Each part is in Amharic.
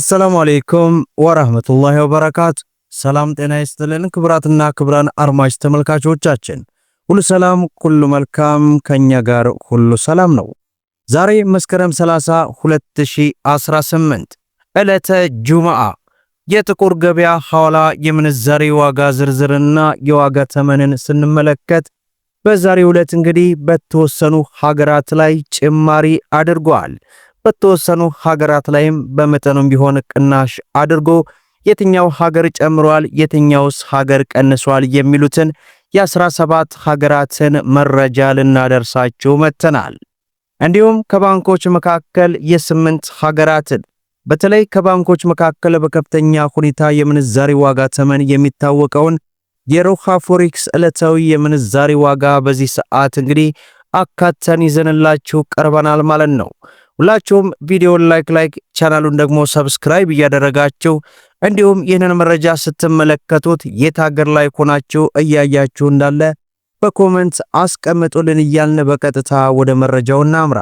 አሰላሙ አሌይኩም ወረህመቱላሂ ወበረካቱ። ሰላም ጤና ይስጥልን። ክብራትና ክብራን አድማጭ ተመልካቾቻችን ሁሉ ሰላም፣ ሁሉ መልካም፣ ከኛ ጋር ሁሉ ሰላም ነው። ዛሬ መስከረም 30 2018 ዕለተ ጁምዓ የጥቁር ገበያ ሐዋላ የምንዛሬ ዋጋ ዝርዝርና የዋጋ ተመንን ስንመለከት በዛሬው ዕለት እንግዲህ በተወሰኑ ሀገራት ላይ ጭማሪ አድርጓል። በተወሰኑ ሀገራት ላይም በመጠኑም ቢሆን ቅናሽ አድርጎ የትኛው ሀገር ጨምሯል፣ የትኛውስ ሀገር ቀንሷል የሚሉትን የ17 ሀገራትን መረጃ ልናደርሳችሁ መጥተናል። እንዲሁም ከባንኮች መካከል የስምንት ሀገራትን በተለይ ከባንኮች መካከል በከፍተኛ ሁኔታ የምንዛሪ ዋጋ ተመን የሚታወቀውን የሮሃ ፎሪክስ ዕለታዊ የምንዛሪ ዋጋ በዚህ ሰዓት እንግዲህ አካተን ይዘንላችሁ ቀርበናል ማለት ነው። ሁላችሁም ቪዲዮን ላይክ ላይክ ቻናሉን ደግሞ ሰብስክራይብ እያደረጋችሁ እንዲሁም ይህንን መረጃ ስትመለከቱት የት ሀገር ላይ ሆናችሁ እያያችሁ እንዳለ በኮመንት አስቀምጡልን እያልን በቀጥታ ወደ መረጃው እናምራ።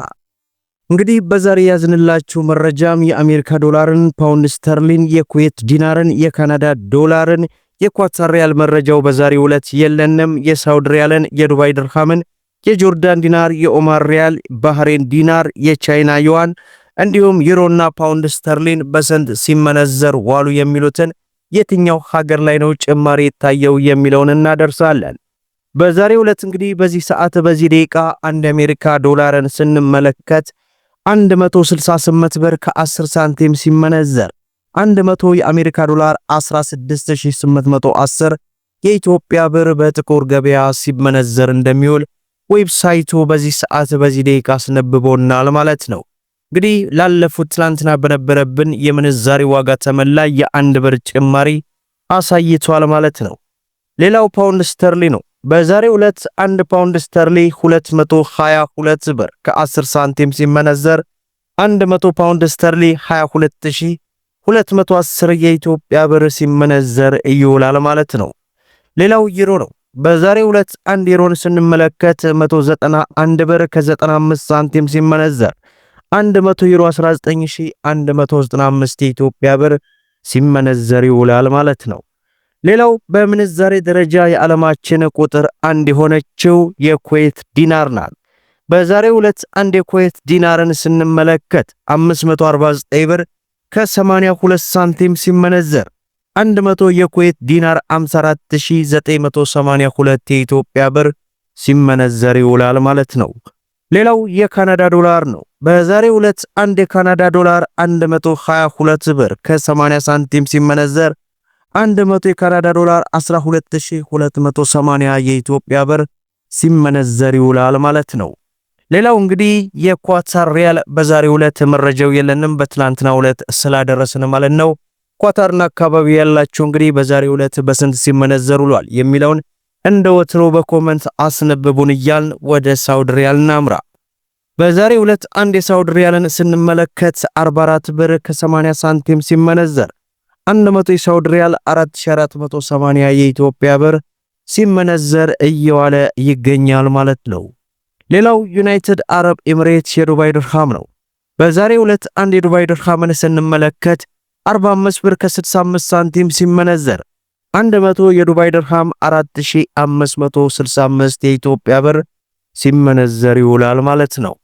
እንግዲህ በዛሬ ያዝንላችሁ መረጃም የአሜሪካ ዶላርን፣ ፓውንድ ስተርሊን፣ የኩዌት ዲናርን፣ የካናዳ ዶላርን፣ የኳታር ሪያል መረጃው በዛሬው ዕለት የለንም። የሳውዲ ሪያልን፣ የዱባይ ድርሃምን የጆርዳን ዲናር፣ የኦማር ሪያል፣ ባህሬን ዲናር፣ የቻይና ዩዋን እንዲሁም ዩሮና ፓውንድ ስተርሊን በስንት ሲመነዘር ዋሉ የሚሉትን የትኛው ሀገር ላይ ነው ጭማሪ የታየው የሚለውን እናደርሳለን። በዛሬው ዕለት እንግዲህ በዚህ ሰዓት በዚህ ደቂቃ አንድ አሜሪካ ዶላርን ስንመለከት 168 ብር ከ10 ሳንቲም ሲመነዘር 100 የአሜሪካ ዶላር 16810 የኢትዮጵያ ብር በጥቁር ገበያ ሲመነዘር እንደሚውል ዌብሳይቱ በዚህ ሰዓት በዚህ ደቂቃ አስነብቦናል ማለት ነው። እንግዲህ ላለፉት ትላንትና በነበረብን የምንዛሬ ዋጋ ተመላ የአንድ ብር ጭማሪ አሳይቷል ማለት ነው። ሌላው ፓውንድ ስተርሊ ነው። በዛሬው ዕለት አንድ ፓውንድ ስተርሊ 222 ብር ከ10 ሳንቲም ሲመነዘር 100 ፓውንድ ስተርሊ 22210 የኢትዮጵያ ብር ሲመነዘር ይውላል ማለት ነው። ሌላው ዩሮ ነው። በዛሬ ሁለት አንድ ዩሮን ስንመለከት 191 ብር ከ95 ሳንቲም ሲመነዘር 100 ዩሮ 19195 የኢትዮጵያ ብር ሲመነዘር ይውላል ማለት ነው። ሌላው በምንዛሬ ደረጃ የዓለማችን ቁጥር አንድ የሆነችው የኩዌት ዲናር ናት። በዛሬው ዕለት አንድ የኩዌት ዲናርን ስንመለከት 549 ብር ከ82 ሳንቲም ሲመነዘር 100 የኩዌት ዲናር 54982 የኢትዮጵያ ብር ሲመነዘር ይውላል ማለት ነው። ሌላው የካናዳ ዶላር ነው። በዛሬው ዕለት አንድ የካናዳ ዶላር 122 ብር ከ80 ሳንቲም ሲመነዘር 100 የካናዳ ዶላር 12280 የኢትዮጵያ ብር ሲመነዘር ይውላል ማለት ነው። ሌላው እንግዲህ የኳታር ሪያል በዛሬው ዕለት መረጃው የለንም፣ በትላንትና ዕለት ስላደረስን ማለት ነው። ኳታርና አካባቢ ያላችሁ እንግዲህ በዛሬው ዕለት በስንት ሲመነዘር ውሏል የሚለውን እንደ ወትሮ በኮመንት አስነብቡን እያልን ወደ ሳውድ ሪያል እናምራ። በዛሬው ዕለት አንድ የሳውድ ሪያልን ስንመለከት 44 ብር ከ80 ሳንቲም ሲመነዘር 100 የሳውድ ሪያል 4480 የኢትዮጵያ ብር ሲመነዘር እየዋለ ይገኛል ማለት ነው። ሌላው ዩናይትድ አረብ ኤምሬትስ የዱባይ ድርሃም ነው። በዛሬው ዕለት አንድ የዱባይ ድርሃምን ስንመለከት 45 ብር ከ65 ሳንቲም ሲመነዘር 100 የዱባይ ድርሃም 4565 የኢትዮጵያ ብር ሲመነዘር ይውላል ማለት ነው።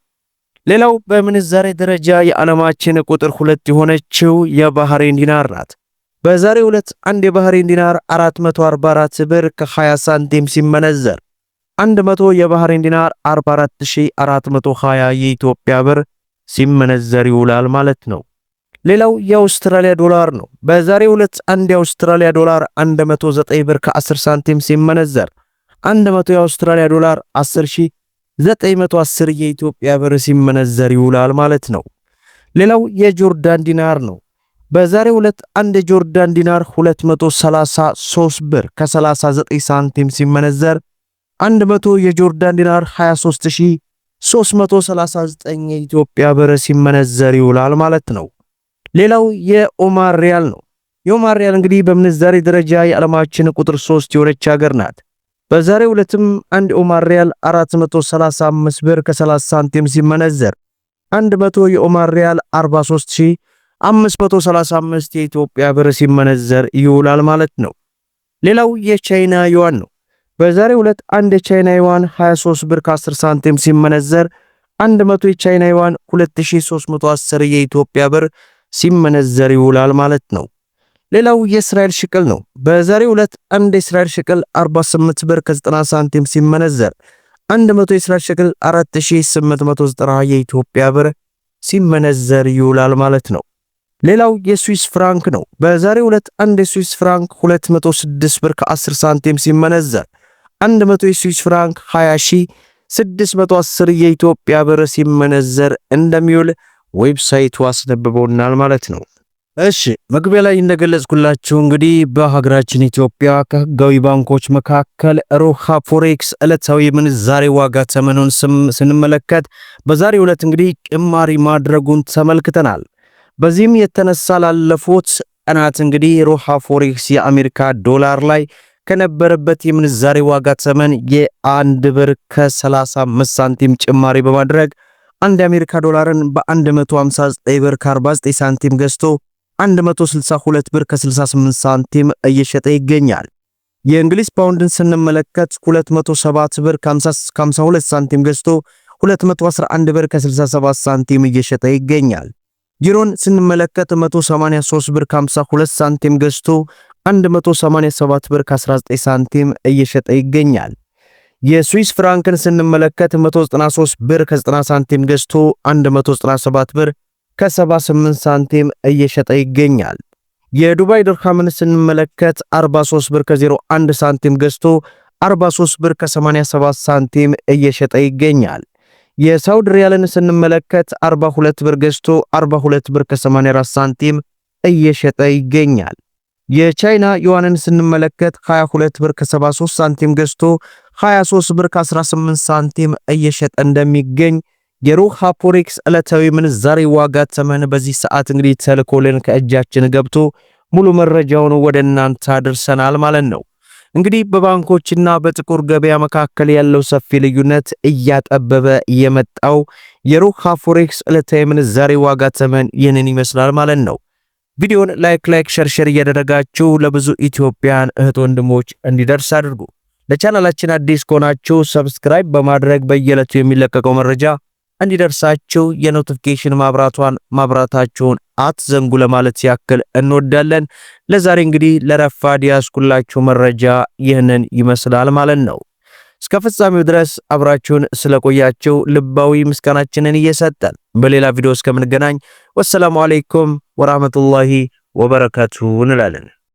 ሌላው በምንዛሬ ደረጃ የዓለማችን ቁጥር ሁለት የሆነችው የባህሬን ዲናር ናት። በዛሬው ዕለት አንድ የባህሬን ዲናር 444 ብር ከ20 ሳንቲም ሲመነዘር 100 የባህሬን ዲናር 44420 የኢትዮጵያ ብር ሲመነዘር ይውላል ማለት ነው። ሌላው የአውስትራሊያ ዶላር ነው። በዛሬ ሁለት አንድ የአውስትራሊያ ዶላር 109 ብር ከ10 ሳንቲም ሲመነዘር 100 የአውስትራሊያ ዶላር 10910 የኢትዮጵያ ብር ሲመነዘር ይውላል ማለት ነው። ሌላው የጆርዳን ዲናር ነው። በዛሬ ሁለት አንድ የጆርዳን ዲናር 233 ብር ከ39 ሳንቲም ሲመነዘር 100 የጆርዳን ዲናር 23339 የኢትዮጵያ ብር ሲመነዘር ይውላል ማለት ነው። ሌላው የኦማር ሪያል ነው። የኦማር ሪያል እንግዲህ በምንዛሬ ደረጃ የዓለማችን ቁጥር 3 የሆነች ሀገር ናት። በዛሬው ዕለትም አንድ ኦማር ሪያል 435 ብር ከ30 ሳንቲም ሲመነዘር 100 የኦማር ሪያል 43535 የኢትዮጵያ ብር ሲመነዘር ይውላል ማለት ነው። ሌላው የቻይና ዩዋን ነው። በዛሬው ዕለት አንድ የቻይና ዩዋን 23 ብር ከ10 ሳንቲም ሲመነዘር 100 የቻይና ዩዋን 2310 የኢትዮጵያ ብር ሲመነዘር ይውላል ማለት ነው። ሌላው የእስራኤል ሽቅል ነው። በዛሬው ዕለት አንድ የእስራኤል ሽቅል 48 ብር ከ90 ሳንቲም ሲመነዘር 100 የእስራኤል ሽቅል 4890 የኢትዮጵያ ብር ሲመነዘር ይውላል ማለት ነው። ሌላው የስዊስ ፍራንክ ነው። በዛሬው ዕለት አንድ የስዊስ ፍራንክ 206 ብር ከ10 ሳንቲም ሲመነዘር 100 የስዊስ ፍራንክ 20610 የኢትዮጵያ ብር ሲመነዘር እንደሚውል ዌብሳይቱ አስነብበውናል ማለት ነው። እሺ መግቢያ ላይ እንደገለጽኩላችሁ እንግዲህ በሀገራችን ኢትዮጵያ ከህጋዊ ባንኮች መካከል ሮሃ ፎሬክስ ዕለታዊ ምንዛሬ ዋጋ ተመኑን ስንመለከት በዛሬ ዕለት እንግዲህ ጭማሪ ማድረጉን ተመልክተናል። በዚህም የተነሳ ላለፉት ቀናት እንግዲህ ሮሃ ፎሬክስ የአሜሪካ ዶላር ላይ ከነበረበት የምንዛሬ ዋጋ ተመን የአንድ ብር ከ35 ሳንቲም ጭማሪ በማድረግ አንድ የአሜሪካ ዶላርን በ159 ብር ከ49 ሳንቲም ገዝቶ 162 ብር ከ68 ሳንቲም እየሸጠ ይገኛል። የእንግሊዝ ፓውንድን ስንመለከት 207 ብር ከ52 ሳንቲም ገዝቶ 211 ብር ከ67 ሳንቲም እየሸጠ ይገኛል። ዩሮን ስንመለከት 183 ብር ከ52 ሳንቲም ገዝቶ 187 ብር ከ19 ሳንቲም እየሸጠ ይገኛል። የስዊስ ፍራንክን ስንመለከት 193 ብር ከ90 ሳንቲም ገዝቶ 197 ብር ከ78 ሳንቲም እየሸጠ ይገኛል። የዱባይ ድርሃምን ስንመለከት 43 ብር ከ01 ሳንቲም ገዝቶ 43 ብር ከ87 ሳንቲም እየሸጠ ይገኛል። የሳውድ ሪያልን ስንመለከት 42 ብር ገዝቶ 42 ብር ከ84 ሳንቲም እየሸጠ ይገኛል። የቻይና ዩዋንን ስንመለከት 22 ብር ከ73 ሳንቲም ገዝቶ 23 ብር ከ18 ሳንቲም እየሸጠ እንደሚገኝ የሩሃ ፎሬክስ ዕለታዊ ምንዛሬ ዋጋ ተመን በዚህ ሰዓት እንግዲህ ተልኮልን ከእጃችን ገብቶ ሙሉ መረጃውን ወደ እናንተ አድርሰናል ማለት ነው። እንግዲህ በባንኮችና በጥቁር ገበያ መካከል ያለው ሰፊ ልዩነት እያጠበበ የመጣው የሩሃ ፎሬክስ ዕለታዊ ምንዛሬ ዋጋ ተመን ይህንን ይመስላል ማለት ነው። ቪዲዮን ላይክ ላይክ ሸርሸር እያደረጋችሁ ለብዙ ኢትዮጵያን እህት ወንድሞች እንዲደርስ አድርጉ። ለቻናላችን አዲስ ከሆናችሁ ሰብስክራይብ በማድረግ በየዕለቱ የሚለቀቀው መረጃ እንዲደርሳችሁ የኖቲፊኬሽን ማብራቷን ማብራታችሁን አትዘንጉ ለማለት ያክል እንወዳለን። ለዛሬ እንግዲህ ለረፋድ ያስኩላችሁ መረጃ ይህንን ይመስላል ማለት ነው። እስከ ፍጻሜው ድረስ አብራችሁን ስለቆያችሁ ልባዊ ምስጋናችንን እየሰጠን በሌላ ቪዲዮ እስከምንገናኝ ወሰላሙ አለይኩም ወራህመቱላሂ ወበረካቱ እንላለን።